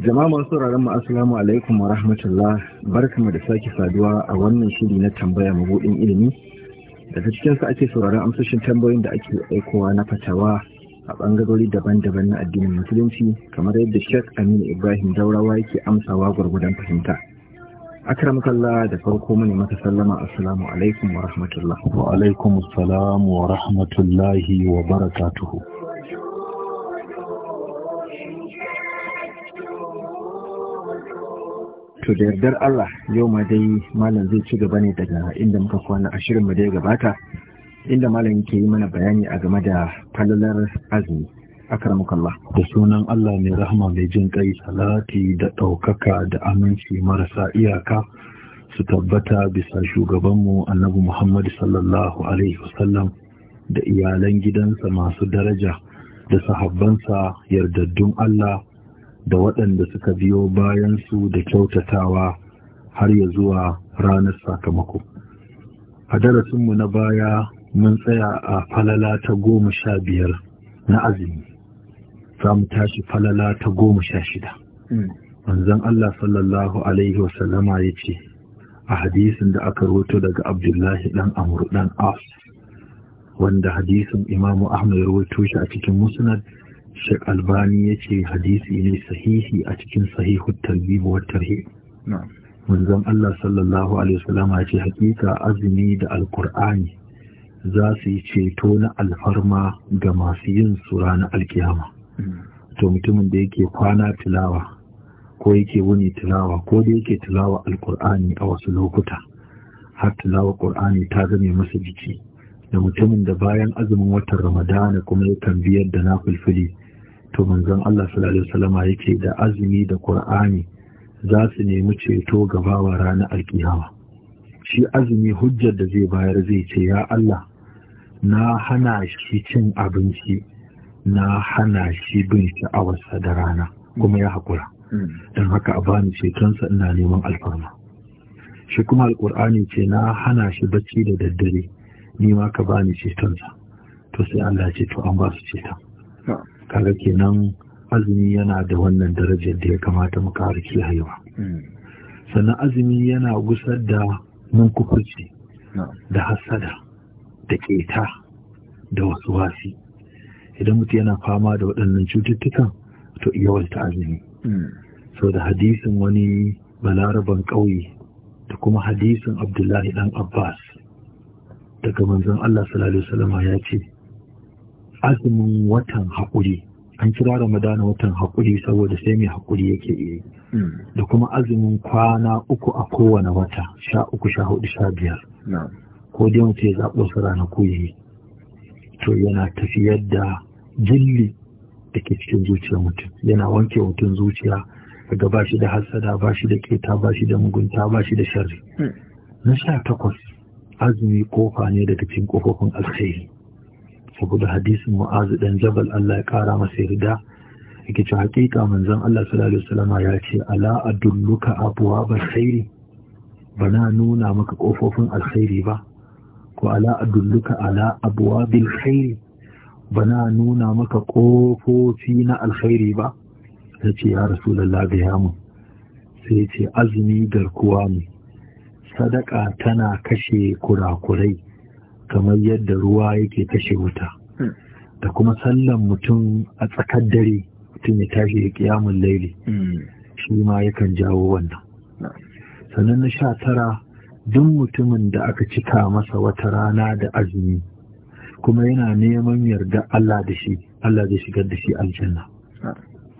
Jama'a masu sauraron mu assalamu alaikum wa rahmatullah barkamu da sake saduwa a wannan shiri na tambaya mabudin ilimi daga cikin sa ake sauraron amsoshin tambayoyin da ake aikowa na fatawa a bangarori daban-daban na addinin musulunci kamar yadda Sheikh Aminu Ibrahim Daurawa yake amsawa gwargwadon fahimta. akramakallah da farko mune mata sallama assalamu alaikum wa rahmatullah wa alaikum assalam wa rahmatullahi wa barakatuhu to da yardar Allah yau ma dai malam zai ci gaba ne daga inda muka kwana a shirin mu da ya gabata inda malam yake yi mana bayani a game da falalar azumi akarmukallah da sunan Allah mai rahama mai jin kai salati da ɗaukaka da aminci marasa iyaka su tabbata bisa shugabanmu annabi Muhammad sallallahu alaihi wasallam da iyalan gidansa masu daraja da sahabbansa yardaddun Allah da waɗanda suka biyo bayansu da kyautatawa har ya zuwa ranar sakamako. A darasinmu na baya mun tsaya a falala ta goma sha biyar na azumi za mu tashi falala ta goma sha shida hmm. manzon Allah sallallahu alaihi wasallama ya ce a hadisin da aka roto daga abdullahi ɗan amur ɗan as wanda hadisin imamu ahmad ya shi a cikin musnad Sheikh Albani ya ce hadisi ne sahihi a cikin sahihu talbibu wa tarhib manzon Allah sallallahu alaihi wasallama ya ce hakika azumi da alkur'ani za su yi ceto na alfarma ga masu yin su ranar alkiyama to mutumin da yake kwana tilawa ko yake wuni tilawa ko da yake tilawa alkur'ani a wasu lokuta har tilawa qur'ani ta zame masa jiki da mutumin da bayan azumin watan ramadana kuma yakan biyar da na fulfuli to manzon Allah sallallahu alaihi wasallama yake da azumi da qur'ani za su nemi ceto gabawa ranar alkiyama shi azumi hujjar da zai bayar zai ce ya Allah na hana shi cin abinci na hana shi bin sha'awarsa da rana kuma ya haƙura don haka a bani cetonsa ina neman alfarma shi kuma alƙur'ani ce na hana shi bacci da daddare ni ma ka bani cetonsa to sai Allah ce to an ba su ceton kaga kenan azumi yana da wannan darajar da ya kamata mu ƙara kiyayewa hmm. sannan azumi yana gusar da munkufurci da hasada da ƙeta da wasu wasi idan mutum yana fama da waɗannan cututtukan to yawaita azumi so da hadisin wani balaraban ƙauye da kuma hadisin abdullahi Ɗan abbas daga manzon allah sallallahu alaihi ya ce azumin watan haƙuri an kira ramadana watan haƙuri saboda sai mai haƙuri yake iya da kuma azumin kwana uku a kowane wata sha uku sha hudu sha biyar ko dai mutum ya zaɓo su ranaku yi to yana tafiyar da jilli da ke cikin zuciyar mutum yana wanke mutum zuciya daga ba shi da hassada ba shi da keta ba shi da mugunta ba shi da sharri na sha takwas azumi kofa ne daga cikin kofofin alkhairi saboda hadisin mu'azu dan jabal Allah ya kara masa yarda yake cewa hakika manzon Allah sallallahu alaihi wasallam ya ce ala adulluka abwabal khairi bana nuna maka kofofin alkhairi ba ko ala adulluka ala abwabil khairi bana nuna maka ƙofofi na alkhairi ba ta ce ya rasu, gaya mu sai ce azumi garkuwa ne sadaka tana kashe kurakurai kamar yadda ruwa yake kashe wuta hmm. da kuma sallan mutum a tsakar dare mutum ya tashi ya kiyamun laili hmm. shi ma yakan jawo wannan sannan na sha tara duk mutumin da aka cika masa wata rana da azumi kuma yana neman yarda Allah da shi Allah zai shigar da shi aljanna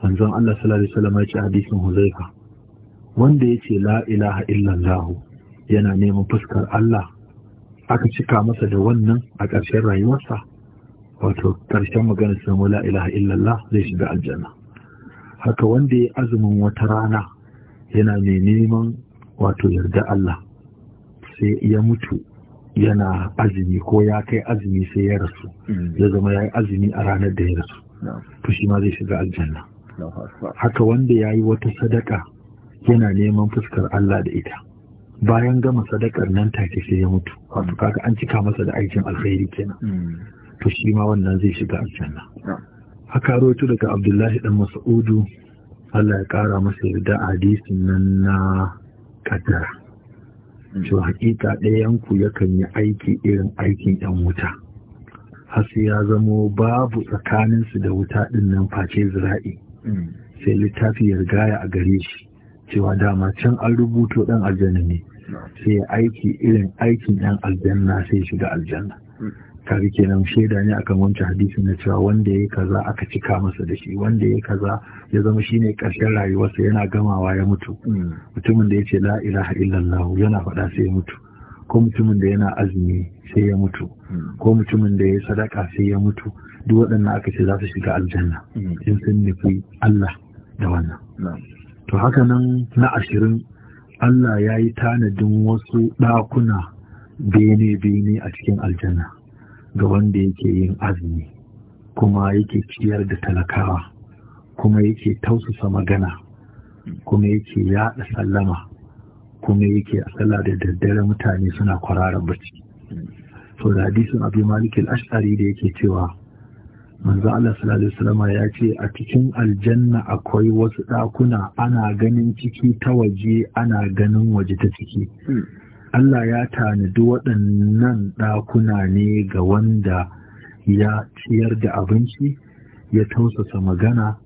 manzon Allah sallallahu alaihi wasallam ya ce hadisin Huzaifa wanda yace la'ilaha la ilaha illallah yana neman fuskar Allah aka cika masa da wannan a ƙarshen rayuwarsa wato ƙarshen magana samu la ilaha illallah zai shiga aljanna haka wanda ya azumin wata rana yana mai neman wato yarda Allah sai ya mutu yana azumi ko ya kai azumi sai ya rasu mm. ya zama ya yi azumi a ranar da ya rasu to shi ma zai shiga aljanna haka wanda ya yi wata sadaka yana neman fuskar Allah da ita bayan gama sadakar nan take sai ya mutu wato mm. kaga an cika masa da aikin alkhairi kenan mm. to shi ma wannan zai shiga aljanna haka rawaito daga Abdullahi dan Mas'udu Allah ya kara masa da hadisin nan na kaddara Mm. to hakika ɗayanku yakan yi aiki irin aikin ‘yan wuta hasu ya zamo babu tsakaninsu da wuta ɗin nan face zira'i mm. sai littafi ya gaya a gare shi cewa dama can an rubuto ɗan aljanna ne sai aiki irin aikin ɗan aljanna sai shiga aljanna mm. kaga kenan shaida ne akan wancan hadisi na cewa wanda ya kaza aka cika masa da shi wanda ya kaza ya zama shine karshen rayuwarsa yana gamawa ya mutu mm. mutumin da ya ce la ilaha illallah yana faɗa sai ya mutu ko mutumin da yana azumi sai ya mutu mm. ko mutumin da ya sadaka sai ya mutu duk waɗannan aka ce za su shiga aljanna mm. in sun nufi Allah da wannan to haka nan na ashirin Allah ya yi tanadin wasu ɗakuna bene-bene a cikin aljanna ga wanda yake yin azumi kuma yake ciyar da talakawa kuma yake tausasa magana kuma yake yaɗa sallama kuma yake asala da daddare mutane suna kwararar bacci so da hadisin abu malik ashari da yake cewa manzo Allah sallallahu alaihi ya ce a cikin aljanna akwai wasu ɗakuna ana ganin ciki ta waje ana ganin waje ta ciki Allah ya tanadi waɗannan ɗakuna ne ga wanda ya ciyar da abinci ya tausasa magana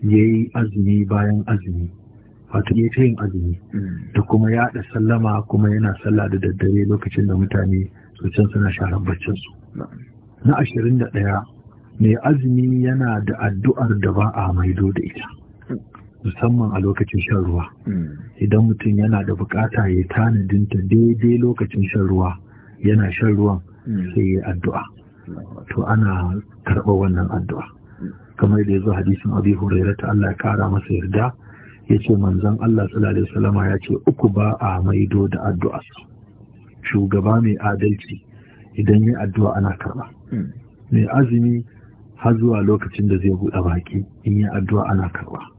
ya yi azumi bayan azumi wato ya yin azumi da kuma ya yaɗa sallama kuma yana sallah da daddare lokacin da mutane su can suna sharan baccinsu na ashirin da ɗaya mai azumi yana da addu'ar da ba a maido da ita musamman a lokacin shan ruwa hmm. idan mutum yana da bukata ya tanadin ta daidai lokacin shan ruwa yana shan ruwan hmm. sai ya addu'a to ana karɓar wannan addu'a hmm. kamar da ya zo hadisin abi hurairah ta Allah ya kara masa yarda ya ce manzon Allah sallallahu alaihi ya ce uku ba a maido da addu'a shugaba mai adalci idan ya addu'a ana karɓa mai azumi har zuwa lokacin da zai buɗe baki in yi addu'a ana karɓa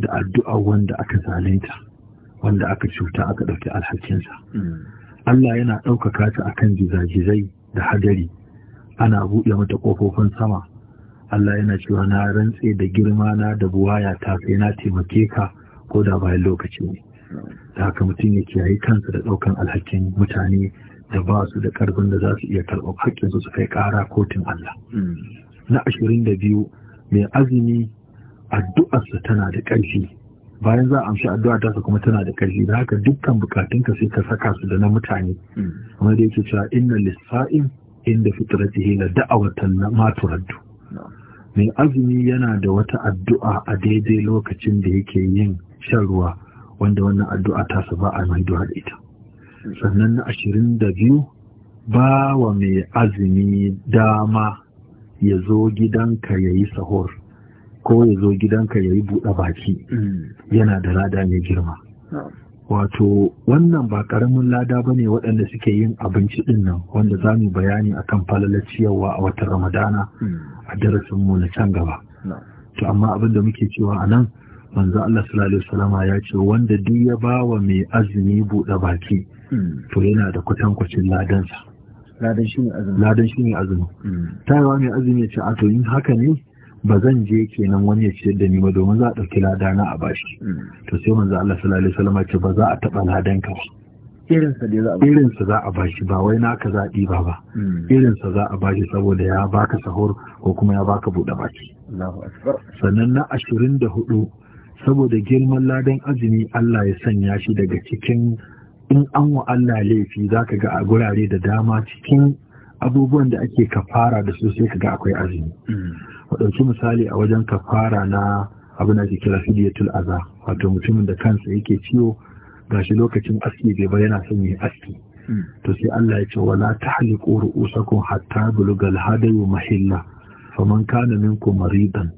da addu'a wanda aka zalunta wanda aka cuta aka ɗauki alhakinsa Allah yana ɗaukaka ta akan jizajizai da hadari ana buɗe mata ƙofofin sama Allah yana cewa na rantse da girma na da buwaya ta sai na taimake ka ko da bayan lokaci ne da haka mutum ya kiyaye kansa da ɗaukan alhakin mutane da ba su da ƙarfin da za su iya karɓar haƙƙinsu su kai ƙara kotun Allah hmm. na ashirin da biyu mai azumi addu'arsa tana da ƙarfi bayan za a amshi addu'a ta kuma tana da ƙarfi da haka dukkan ka sai ka saka su da na mutane kuma da yake cewa inna lissa'in inda ta hila da'awatan ma turaddu mai azumi yana da wata addu'a a daidai lokacin da yake yin shan ruwa wanda wannan addu'a ta ba a mai da ita sannan na ashirin da biyu ba wa mai azumi dama ya zo gidanka ya yi sahur ko ya zo gidanka ya yi buɗe baki mm. yana da lada mai girma oh. wato wannan ba ƙaramin lada ba ne waɗanda suke yin abinci ɗin nan wanda za mu bayani a kan falalar ciyarwa a watan ramadana mm. a darasin mu na can gaba to amma abin da muke cewa a nan manzo Allah sallallahu alaihi ya ce wanda duk ya bawa mai azumi buɗe baki mm. to yana da kwatankwacin ladansa ladan shi ne azumi ladan shi ne azumi tayawa mai azumi ya ce a to in haka ne ba zan je kenan wani ya ciyar da ni ba domin za a ɗauki ladana a bashi hmm. to sai manzo Allah sallallahu alaihi wasallam ce ba za a taɓa ladan ka irinsa sa za a bashi ba wai naka za a ba ba hmm. irinsa za a bashi saboda ya baka sahur ko kuma ya baka buɗe baki sannan na ashirin da hudu saboda girman ladan azumi Allah ya sanya shi daga cikin in an wa Allah laifi za ka ga a gurare da dama cikin abubuwan da ake kafara da su sai ka ga akwai azumi hmm. ku ɗauki misali a wajen kafara na abin da ake kira fidiyatul aza wato mutumin da kansa yake ciwo gashi lokacin aski bai ba yana son yin aski hmm. to sai Allah ya ce wala tahliqu ru'usakum hatta bulugal hadayu mahilla faman kana minkum maridan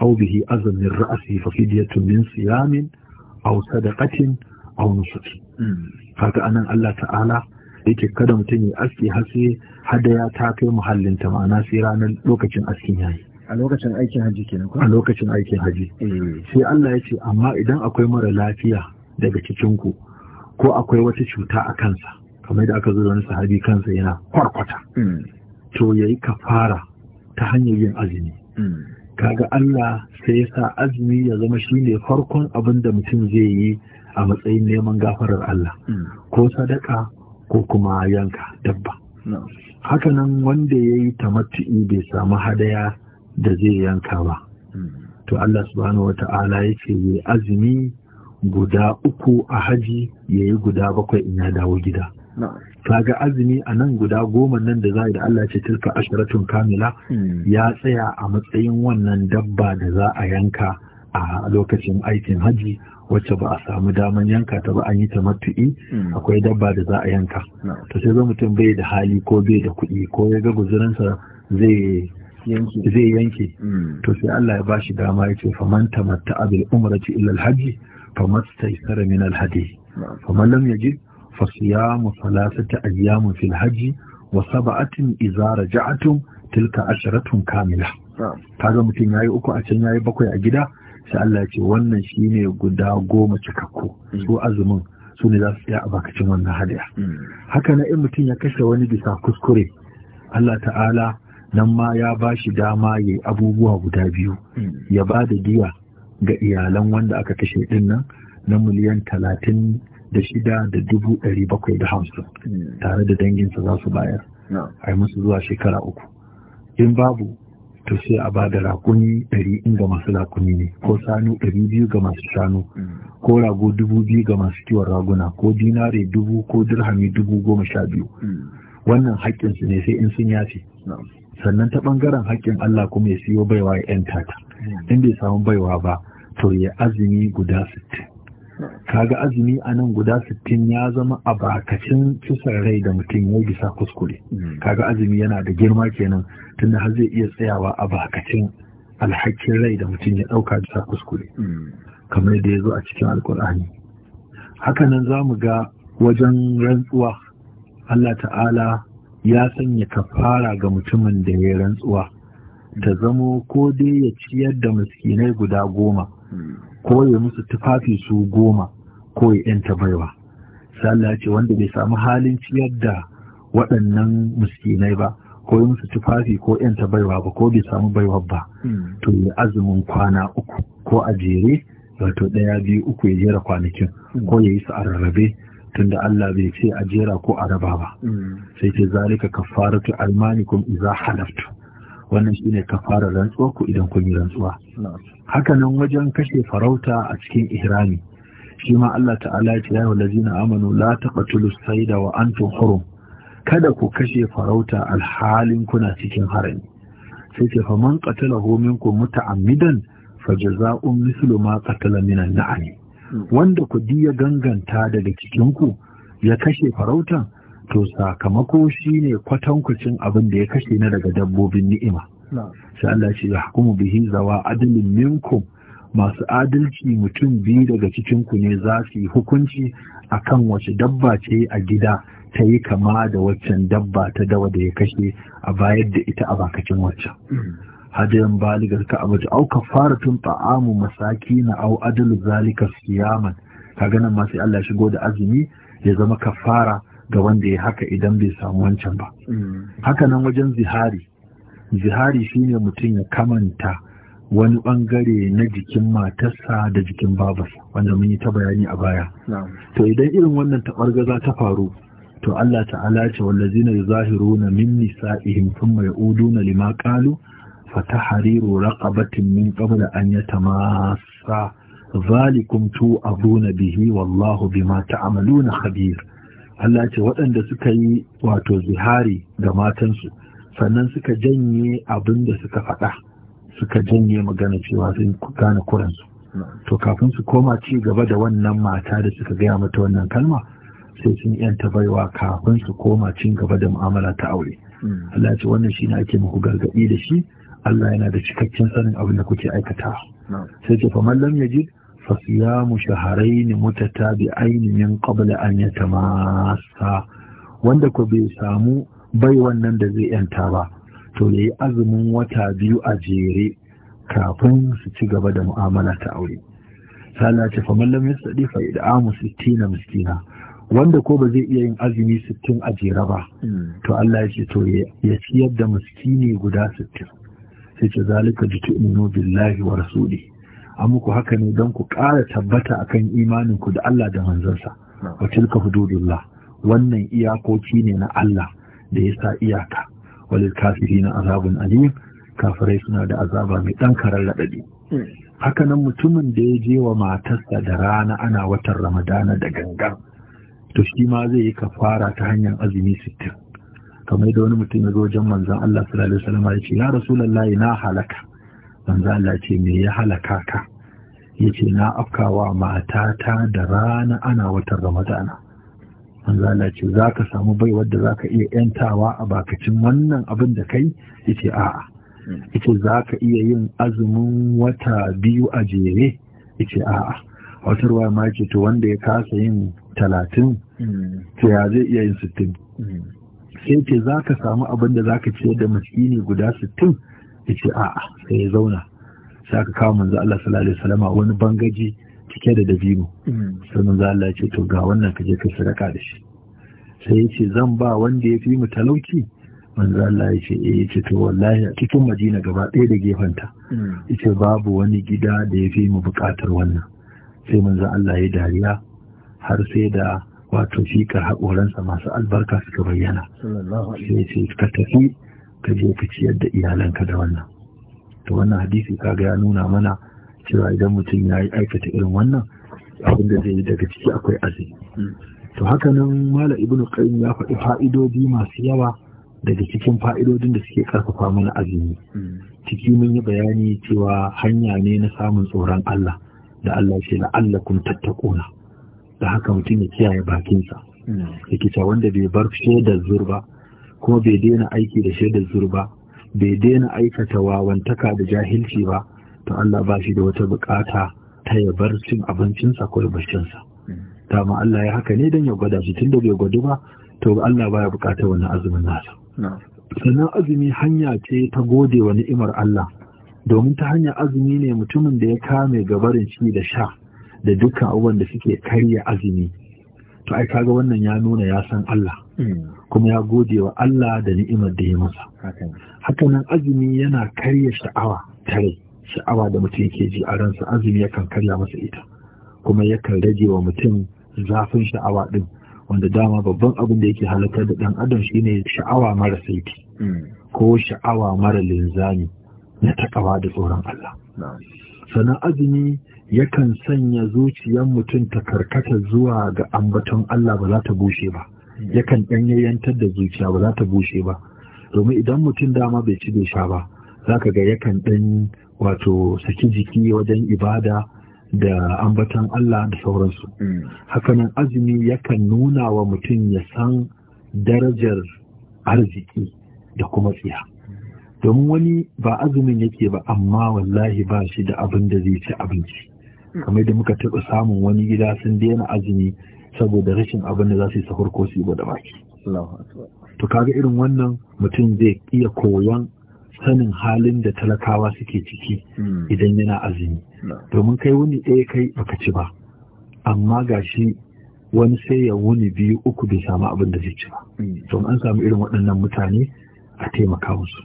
aw bihi azan min ra'si fa fidyatun min siyamin aw sadaqatin aw nusuki haka hmm. anan Allah ta'ala yake kada mutum ya aski har sai hadaya ta kai muhallin ta ma'ana sai ranar lokacin askin yayi a lokacin aikin haji kenan ko a lokacin aikin haji eh. sai Allah ya ce amma idan akwai mara lafiya daga cikin ku ko akwai wata cuta a kansa kamar da aka zo da wani sahabi kansa yana kwarkwata hmm. to yayi kafara ta hanyar yin azumi hmm. kaga Allah sai ya sa azumi ya zama shine farkon abin da mutum zai yi a matsayin neman gafarar Allah hmm. ko sadaka ko kuma yanka dabba hakanan wanda ya yi tamattu'i bai samu hadaya da zai yanka ba to Allah subhanahu wata'ala ya yake yi azumi guda uku a haji ya yi guda bakwai in ya dawo gida ga azumi a nan guda goma nan da za da Allah ce tilka ashiratun kamila hmm. ya tsaya a matsayin wannan dabba da za a yanka a lokacin aikin haji wacce ba a samu daman yanka ta ba an yi ta matu'i hmm. akwai dabba da za a yanka to sai mutum bai da hali ko bai da kuɗi ko ya ga guzurinsa zai zai yanke hmm. to sai Allah ya bashi dama ya ce faman tamatta bil umrati illa fa famastaysara min alhadi man lam yajid fa siyamu thalathati ayyam fil haji wa sab'atin idza raja'tum tilka asharatun kamila kaga mutum yayi uku a can yayi bakwai a gida sai Allah ya ce wannan shine guda goma cikakku hmm. su azumin su ne za su tsaya a bakacin wannan hadiya hmm. haka na in mutum ya kashe wani bisa kuskure Allah ta'ala nan ma ya ba shi dama ya yi abubuwa guda biyu hmm. ya ba da diya ga iyalan wanda aka kashe din nan na miliyan talatin da shida da dubu ɗari bakwai da hamsin hmm. tare da danginsa za su bayar a yi musu zuwa shekara uku in babu to sai a ba da rakuni ɗari in ga masu rakuni ne ko sanu ɗari biyu ga masu shanu hmm. ko rago dubu biyu ga masu kiwon raguna ko dinare dubu ko dirhami dubu goma sha biyu wannan haƙƙinsu ne sai in sun yafe sannan ta ɓangaren haƙƙin Allah kuma ya siyo baiwa ya 'yan tata, in bai samu baiwa ba to ya azumi guda sittin kaga azumi a nan guda sittin ya zama a bakacin kisan rai da mutum ya bisa kuskure kaga azumi yana da girma kenan tunda har zai iya tsayawa a bakacin alhakin rai da mutum ya ɗauka bisa kuskure kamar da ya zo a cikin alkur'ani hakanan za mu ga wajen rantsuwa Allah ta'ala ya sanya kafara ga mutumin da ya rantsuwa Da zamo ko dai ya ciyar da miskinai guda goma ko ya musu tufafi su goma ko ya yanta baiwa sallah ce wanda bai samu halin ciyar da waɗannan miskinai ba ko ya musu tufafi ko yanta baiwa ba ko bai samu baiwa ba to ya azumin kwana uku ko a jere wato ɗaya biyu uku ya jera kwanakin ko ya yi su a rarrabe tunda Allah bai ce a jera ko a raba ba mm. sai ce zalika kafaratu almanikum idza halaftu wannan shine kafara rantsuwa ku idan kun yi rantsuwa haka nan wajen kashe farauta a cikin ihrami shi ma Allah ta'ala ya ce ya wallazina amanu la taqtulu sayda wa antum hurum kada ku kashe farauta alhalin kuna cikin harami sai ce fa man qatalahu minkum muta'ammidan fa jazaa'un mithlu ma qatala minan na'am wanda ku ya ganganta daga cikinku ya kashe farautan to sakamako shine kwatankucin abin da ya kashe na daga dabbobin ni'ima sai Allah ce yahkumu bihi zawa adalin minkum masu adalci mutum biyu daga cikinku ne za su yi hukunci akan wace dabba ce a gida ta yi kama da waccan dabba ta dawa da ya kashe a bayar da ita a bakacin waccan mm. hadayan baligar ka'abati au kafaratun ta'amu na au adalu zalika siyaman ka gana masu sai Allah shigo da azumi ya zama kafara ga wanda ya haka idan bai samu wancan ba mm. haka nan wajen zihari zihari shine mutum ya kamanta wani bangare na jikin matarsa da jikin babarsa wanda mun yi ta bayani a baya to idan irin wannan gaza ta faru to Allah ta'ala ce wallazina yuzahiruna min nisa'ihim thumma ya'uduna lima qalu Hariru, raqabatin min qabla an yatamassa zalikum tu'aduna bihi wallahu amalu na khabir Allah ce waɗanda suka yi wato zihari ga matansu sannan suka janye abin da suka faɗa suka janye magana cewa sun gane kuransu to kafin su koma ci gaba da wannan mata da suka gaya mata wannan kalma sai sun yanta baiwa kafin su koma cin gaba da mu'amala ta aure Allah ce wannan shi ne ake muku gargaɗi da shi Allah yana da cikakken sanin abin da kuke aikata sai ce fa mallam yajid fa siyamu shahrayn mutatabi'ain min qabla an yatamassa wanda ko bai samu bai wannan da zai yanta ba to yayi azumin wata biyu a jere kafin su ci gaba da mu'amala ta aure sala ce fa mallam yasdi fa id'amu sittina miskina wanda ko ba zai iya yin azumi sittin a jere ba hmm. to Allah ya ce to ya ciyar da miskini guda sittin. sai ce zalika bi tu'minu billahi wa rasuli an muku haka ne don ku ƙara tabbata akan imanin ku da Allah da manzansa wa tilka hududullah wannan iyakoki ne na Allah da ya sa iyaka walil na azabun alim kafirai suna da azaba mai ɗan karar raɗaɗi hmm. haka nan mutumin da ya je wa matarsa da rana ana watan ramadana da gangan to shi ma zai yi kafara ta hanyar azumi sittin kamar da wani mutum ya zo wajen manzan Allah sallallahu alaihi wasallam ya ce ya rasulullahi na halaka manzan Allah ce me ya halaka ka yace na afkawa matata da rana ana watan ramadana manzan Allah ce zaka samu baiwar da zaka iya yantawa a bakacin wannan abin da kai yace a'a yace zaka iya yin azumin wata biyu a jere yace a'a a wata ruwa ma ce to wanda ya kasa yin talatin to ya zai iya yin sittin hmm. sai ce za ka samu abin da za ka ciyar da ne guda sittin ya ce a'a sai ya zauna sai aka kawo manzo Allah sallallahu alaihi wani bangaji cike da dabino mm. sai manzo Allah ya ce to ga wannan ka je ka sadaka da shi sai ya ce zan ba wanda ya fi mu talauci manzo Allah ya ce eh ce to wallahi a cikin Madina gaba ɗaya da gefenta mm. ce babu wani gida da ya fi mu buƙatar wannan sai manzo Allah ya dariya har sai da wato fikar haƙoransa masu albarka suka bayyana sai ce ka tafi ka je ka ciyar da iyalanka da wannan to wannan hadisi kaga ya nuna mana cewa idan mutum ya yi aikata irin wannan abin da zai yi daga ciki akwai azumi hmm. to hakanan mala ibnu qayyim ya faɗi fa'idodi masu yawa daga cikin fa'idodin da suke karfafa mana azumi hmm. ciki mun yi bayani cewa hanya ne na samun tsoron Allah da Allah ce la'allakum tattaquna da haka mutum ya kiyaye bakinsa rikica wanda bai bar shaidar zurba kuma bai daina aiki da shaidar zurba bai daina aikata wawantaka da jahilci ba to Allah ba shi da wata bukata ta ya bar cin abincinsa ko barcinsa dama Allah ya haka ne don ya gwada shi tunda bai gwadu ba to Allah baya bukatar wani azumin nasa sannan azumi hanya ce ta gode wa ni'imar Allah domin ta hanya azumi ne mutumin da ya kame gabarin shi da sha da dukkan abubuwan da suke karya azumi to ai kaga wannan ya nuna ya san Allah hmm. kuma ya gode wa Allah da ni'imar da ya masa hakanan azumi yana karya sha'awa tare sha'awa da mutum yake ji a ransa azumi yakan karya masa ita kuma yakan rage wa mutum zafin sha'awa din wanda dama babban abin da yake halakar da dan adam shine sha'awa mara saiti hmm. ko sha'awa mara linzami na takawa da tsoron Allah sannan azumi yakan sanya zuciyar mutum ta karkata zuwa ga ambaton Allah ba za ta bushe ba yakan ɗanyayyantar da zuciya ba za ta bushe ba domin idan mutum dama bai ci bai sha ba za ka ga yakan ɗan wato saki jiki wajen ibada da ambaton Allah da sauransu. Mm. Hakanan azumi yakan nuna wa mutum ya san darajar arziki da kuma tsiya. Domin wani ba azumin yake ba amma wallahi ba shi da abin da zai ci abinci. Mm. kamar da muka taɓa samun wani gida sun daina azumi saboda rashin abin da za su yi sahur ko su yi da baki to kaga irin wannan mutum zai iya koyon sanin halin da talakawa suke ciki mm. idan yana azumi domin kai wuni ɗaya kai baka ci ba amma gashi wani sai ya wuni biyu uku bai samu abin da zai ci ba to mm. an samu irin waɗannan mutane a taimaka musu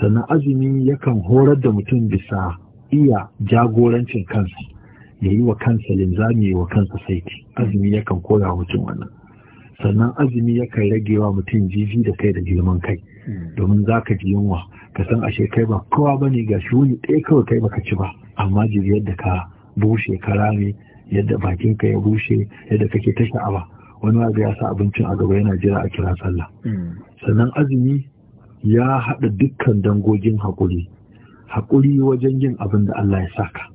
sannan azumi yakan horar da mutum bisa iya jagorancin kansa ya yi wa kansa linzami wa kansa saiti azumi yakan koya mutum wannan sannan azumi yakan rage wa mutum jiji da kai da girman kai hmm. domin za ka ji yunwa ka san ashe kai ba kowa ba ne ga shi wuni ɗaya kawai kai baka ci ba amma jiri yadda ka bushe ka rame yadda bakinka ya bushe yadda kake ta sha'awa wani ma ya sa abincin a gaba yana jira a kira sallah hmm. sannan azumi ya haɗa dukkan dangogin haƙuri haƙuri wajen yin abin da Allah ya saka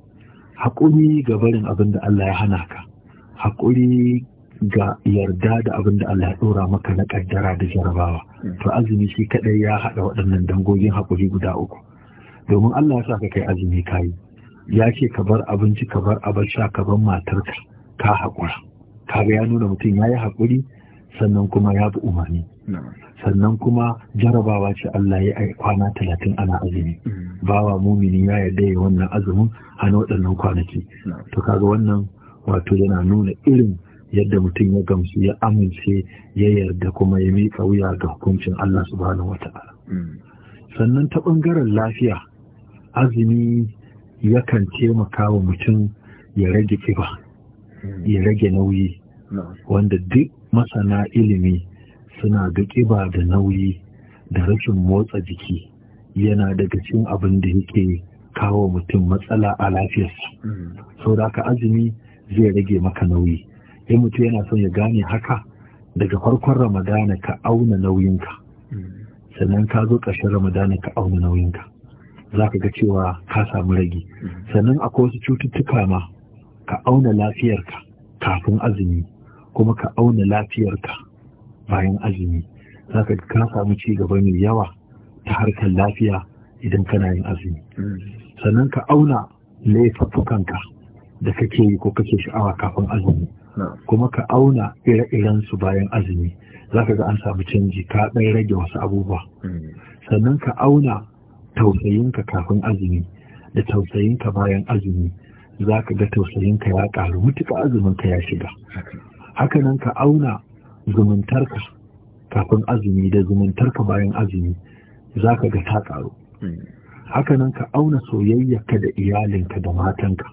haƙuri ga barin abin da Allah ya hana ka haƙuri ga yarda da abin da Allah ya ɗora maka na ƙaddara da jarabawa hmm. to azumi shi kaɗai ya haɗa waɗannan dangogin haƙuri guda uku domin Allah ya sa ka kai azumi ka yi ya ce ka bar abinci ka bar abin ka bar matarka ka haƙura kaga ya nuna mutum ya yi haƙuri sannan kuma ya bi umarni sannan kuma jarabawa ce Allah ya yi kwana talatin ana azumi bawa mumini ya yarda ya wannan azumin hana waɗannan kwanaki to kaga wannan wato yana nuna irin yadda mutum ya gamsu ya amince ya yarda kuma ya mika wuya ga hukuncin Allah subhanahu wata'ala sannan ta ɓangaren lafiya azumi yakan taimaka wa mutum ya rage kiba ya rage nauyi wanda duk masana ilimi suna ga ƙiba da nauyi da rashin motsa jiki yana daga cin abin da yake kawo mutum matsala a lafiyarsu. Sau da haka azumi zai rage maka nauyi. In mutum yana son ya gane haka daga farkon Ramadana ka auna nauyinka. Sannan ka zo ƙarshen Ramadana ka auna nauyinka. Za ka ga cewa ka samu rage. Sannan akwai wasu cututtuka ma ka auna lafiyarka kafin azumi kuma ka auna lafiyarka bayan azumi zaka ka samu ci gaba mai yawa ta harkar lafiya idan kana yin azumi sannan ka auna ka da kake yi ko kake sha'awa kafin azumi kuma ka auna ire-iren su bayan azumi za ka ga an samu canji ka ɗan rage wasu abubuwa sannan ka auna tausayinka kafin azumi da tausayinka bayan azumi za ka ga tausayinka ya ƙaru mutuka azuminka ya shiga hakanan ka auna zumuntarka kafin azumi da zumuntarka bayan azumi za ka ga ta ƙaru hmm. hakanan ka auna soyayyarka da iyalinka da matanka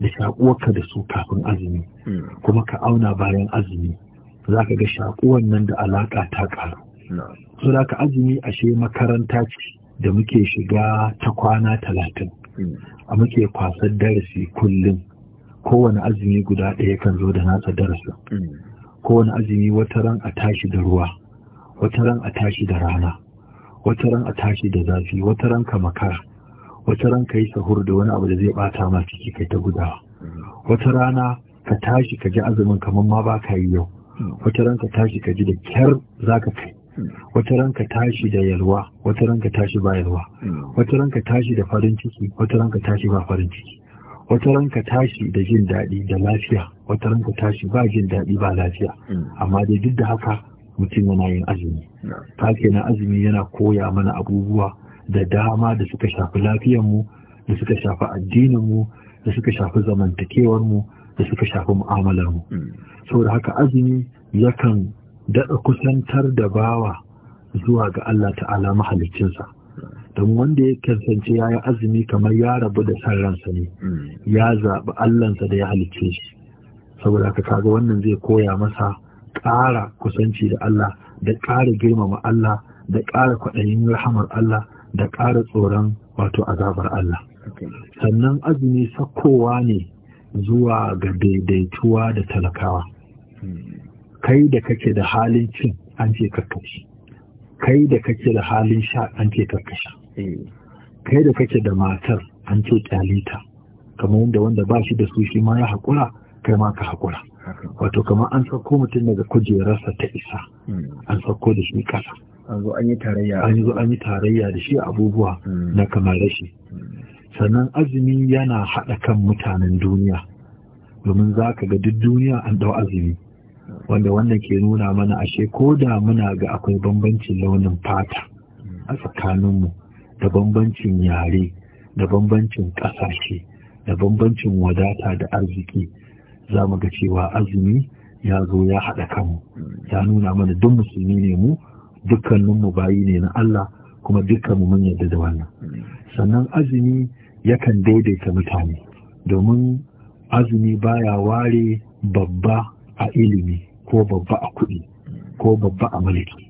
da shaƙuwarka da su kafin azumi hmm. kuma ka auna bayan azumi za ka ga shaƙuwan nan da alaƙa ta ƙaru so da ka azumi ashe makaranta ce da muke shiga ta kwana talatin hmm. a muke kwasar darasi kullum kowane azumi guda ɗaya kan zo da nasa darasin kowane azumi wata ran a tashi da ruwa wata ran a tashi da rana wata ran a tashi da zafi wata ran ka makara wata ran ka yi sahur da wani abu da zai bata ma ciki kai ta gudawa wata rana ka tashi ka ji azumin kamar ma ba ka yi yau wata ran ka tashi ka ji da kyar za ka kai wata ran ka tashi da yalwa wata ran ka tashi ba yalwa wata ran ka tashi da farin ciki wata ran ka tashi ba farin ciki wata ranka tashi da jin daɗi da lafiya wata ranka tashi ba jin daɗi ba lafiya mm. amma dai duk da haka mutum yana yin azumi ta na azumi yana koya mana abubuwa da dama da suka shafi lafiyarmu da suka shafi addininmu da suka shafi zamantakewarmu da suka shafi mu'amalarmu mm. saboda haka azumi yakan daɗa kusantar da bawa zuwa ga Allah ta'ala mahaliccinsa don wanda ya kasance ya yi azumi kamar ya rabu da san ransa ne hmm. ya zaɓi allansa da ya halicce shi saboda ka kaga wannan zai koya masa ƙara kusanci da Allah da ƙara girmama Allah da ƙara kwaɗayin rahamar Allah da ƙara tsoron wato azabar Allah sannan azumi sakowa ne zuwa ga daidaituwa da talakawa hmm. kai da kake da halin cin an ce karkashi kai da kake da halin sha an ce karkashi Eh, kai da kake da matar an ce kyalita kamar wanda wanda ba shi da su shi ma ya haƙura kai ma ka haƙura wato kamar an sauko mutum daga kujerarsa ta isa hmm. an sauko da shi ƙasa an zo an yi tarayya da shi abubuwa hmm. na kamar shi hmm. sannan azumi yana haɗa kan mutanen duniya domin za ka ga duk duniya an ɗau azumi wanda wannan ke nuna mana ashe ko da muna ga akwai bambancin launin fata a tsakaninmu da bambancin yare da bambancin ƙasashe da bambancin wadata da arziki za mu ga cewa azumi ya zo ya haɗa kanmu ya nuna mana duk musulmi ne mu dukkaninmu bayi ne na Allah kuma dukkaninmu mun yarda da wannan sannan azumi yakan daidaita mutane domin azumi baya ware babba a ilimi ko babba a kuɗi ko babba a mulki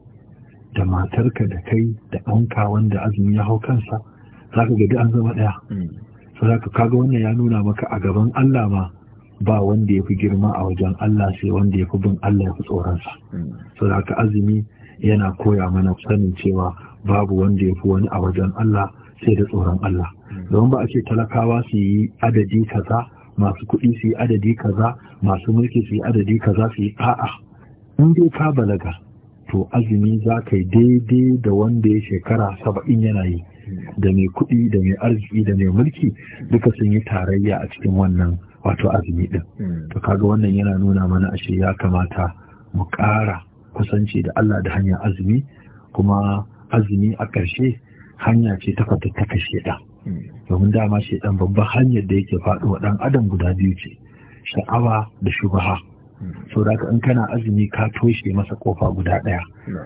da matarka da kai da ɗanka wanda azumi ya hau kansa za ka gadi an zama ɗaya mm. Sadaka kaga wannan ya nuna maka a gaban Allah ma ba wanda ya fi girma a wajen Allah sai wanda ya fi bin Allah ya fi tsoronsa mm. za ka azumi yana koya mana sanin cewa babu wanda ya fi wani a wajen Allah sai da tsoron Allah mm. don ba a ce talakawa su yi adadi kaza masu kuɗi su yi adadi kaza masu mulki su yi adadi kaza su yi a'a in dai ka balaga to azumi za ka yi daidai da wanda ya shekara saba'in yana yi da mai kuɗi da mai arziki da mai mulki duka sun yi tarayya a cikin wannan wato azumi ɗin to kaga wannan yana nuna mana ashe ya kamata mu ƙara kusanci da Allah da hanyar azumi kuma azumi a ƙarshe hanya ce ta fatattaka shaidan domin dama ɗan babban hanyar da yake faɗuwa ɗan adam guda biyu ce sha'awa da shubaha so da in kana azumi ka toshe masa kofa guda ɗaya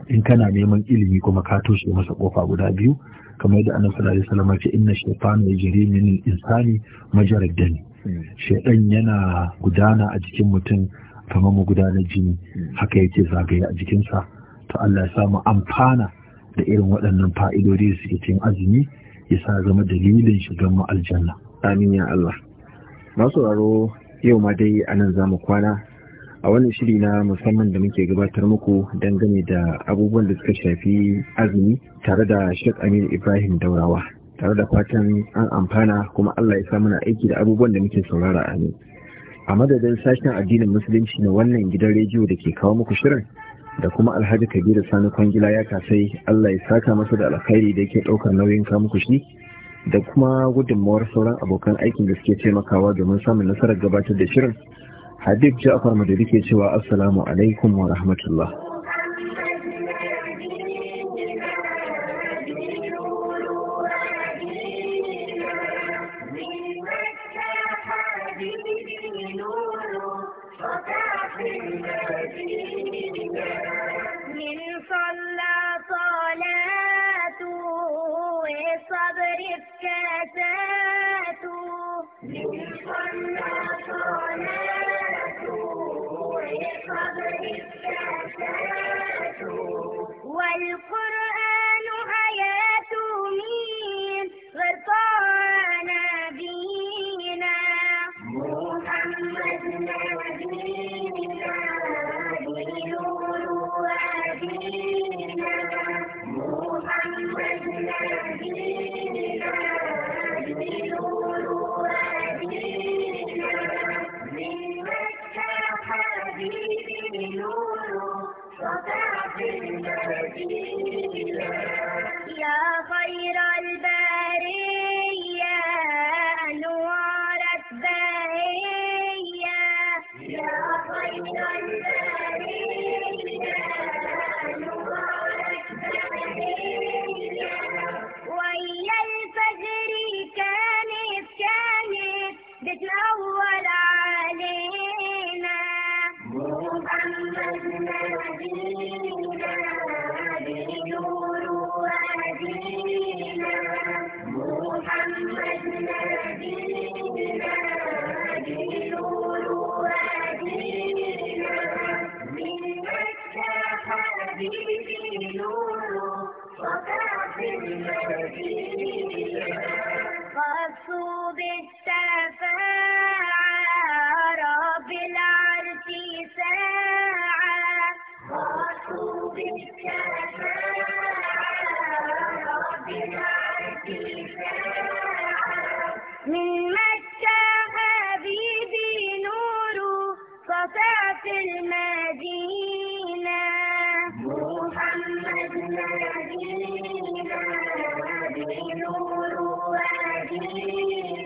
in kana neman ilimi kuma ka toshe masa kofa guda biyu kamar yadda annabi sallallahu alaihi wasallam ce inna shaytanu yajri min al-insani majra dami shaytan yana gudana a jikin mutum kamar mu gudana jini haka yake zagaye a jikin sa to Allah ya samu amfana da irin waɗannan fa'idodi da ke cikin azumi ya sa zama dalilin shigan mu aljanna amin ya Allah masu raro yau ma dai anan zamu kwana a wannan shiri na musamman da muke gabatar muku dangane da abubuwan da suka shafi azumi tare da Sheikh Aminu Ibrahim Daurawa tare da fatan an amfana kuma Allah ya sa muna aiki da abubuwan da muke saurara a ne. A madadin sashen addinin musulunci na wannan gidan rediyo da ke kawo muku shirin da kuma Alhaji Kabiru Sani Kwangila ya kasai Allah ya saka masa da alkhairi da yake ɗaukar nauyin kawo muku shi da kuma gudunmawar sauran abokan aikin da suke taimakawa domin samun nasarar gabatar da shirin habib ja'far madari ke cewa assalamu alaikum wa rahmatullah المصطفى في المدينة محمد مدينة بنور ودينا